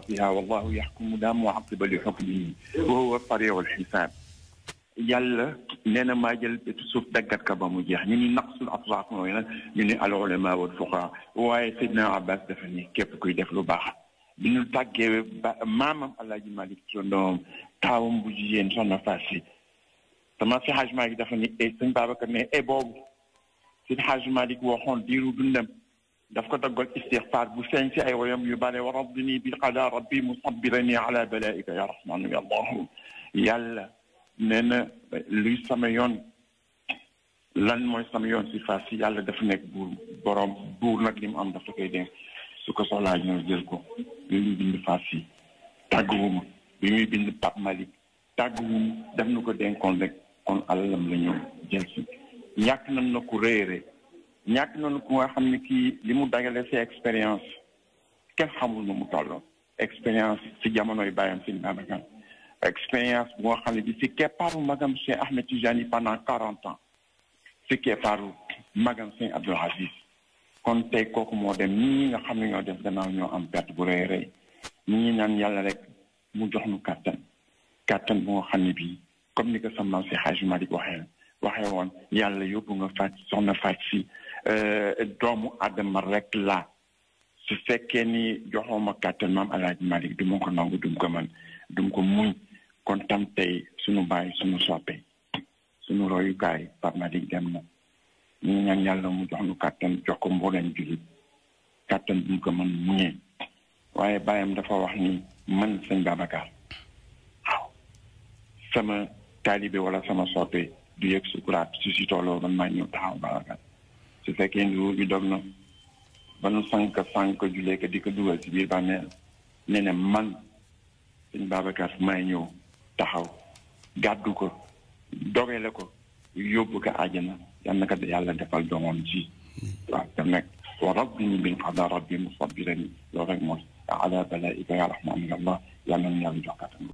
بها والله يحكم لا معقب لحكمه وهو الطريع الحساب يل لنا ما يل تسوف دقت كبا مجيح نيني نقص الأطراف من العلماء والفقهاء وهي سيدنا عباس دفني كيف كي دفلو باح بنو تاكي ماما الله جمالي كيوندوم تاوم بجيين شانا فاسي تما في حاج مالك دفني اي سن بابا كمي اي بوغ سيد حاج مالك وحون ديرو دندم daf ko daggal istixfaar bu feeñ ci ay woyam yu bare wa rabbini bi qada rabbi musabbirani ala balaika ya rahmanu ya allahu yàlla nee na luy sama yoon lan mooy sama yoon si fas si yàlla dafa nekk buur borom buur nag li mu am dafa koy denc su ko soxlaa ñëw jël ko bi muy bind fas yi tàgguwuma bi muy bind Pape Malick tàgguwuma daf na ko denkoon rek kon alalam la ñëw jël si ñàkk nañ na ko réere ñàkk nañu ku nga xam ne kii li mu dagale si expérience kenn xamul nu mu toll expérience si jamonoy bàyyam si Babacar expérience bu nga xam ne bi si keppaaru magam Cheikh Ahmed Tijani pendant quarante ans si keppaaru magam Cheikh Abdoul Aziz kon tey kooku moo dem ñi nga xam ne ñoo def gannaaw ñoo am perte bu rëy rëy ñi naan yàlla rek mu jox nu kàttan kàttan bu nga xam ne bii comme ni ko sa maam si Hadj Malick waxee waxee woon yàlla yóbbu nga fàcc soxna fàcc si Eh, doomu adama rek la su fekkee ni joxooma kàttan maam alaaji malik du ma ko nangu dum ko mën dum ko muñ kon tam tey sunu bàyyi suñu soppe sunu royukaay Pape Malick dem na ñu ñaan yàlla mu jox nu kàttan jox ko mbooleen julit kàttan duñ ko mën muñee waaye baayam dafa wax ni man sëñ Babacar waaw sama taalibe wala sama soppe du yëg sukuraat si tolloo man maa ñëw taxaw Babacar su fekkee nguur gi dog na ba nu sànq sànq julee ko di ko dugal ci biir bàmmeel ne ne man sëñ Babacar may ñëw taxaw gàddu ko dogale ko yóbbu ko àjjana yal na ko yàlla defal doomam ji waaw te nag wa rabbini bil qada rabbi musabirani loolu rek mooy ala na ñu yàlla jox kattan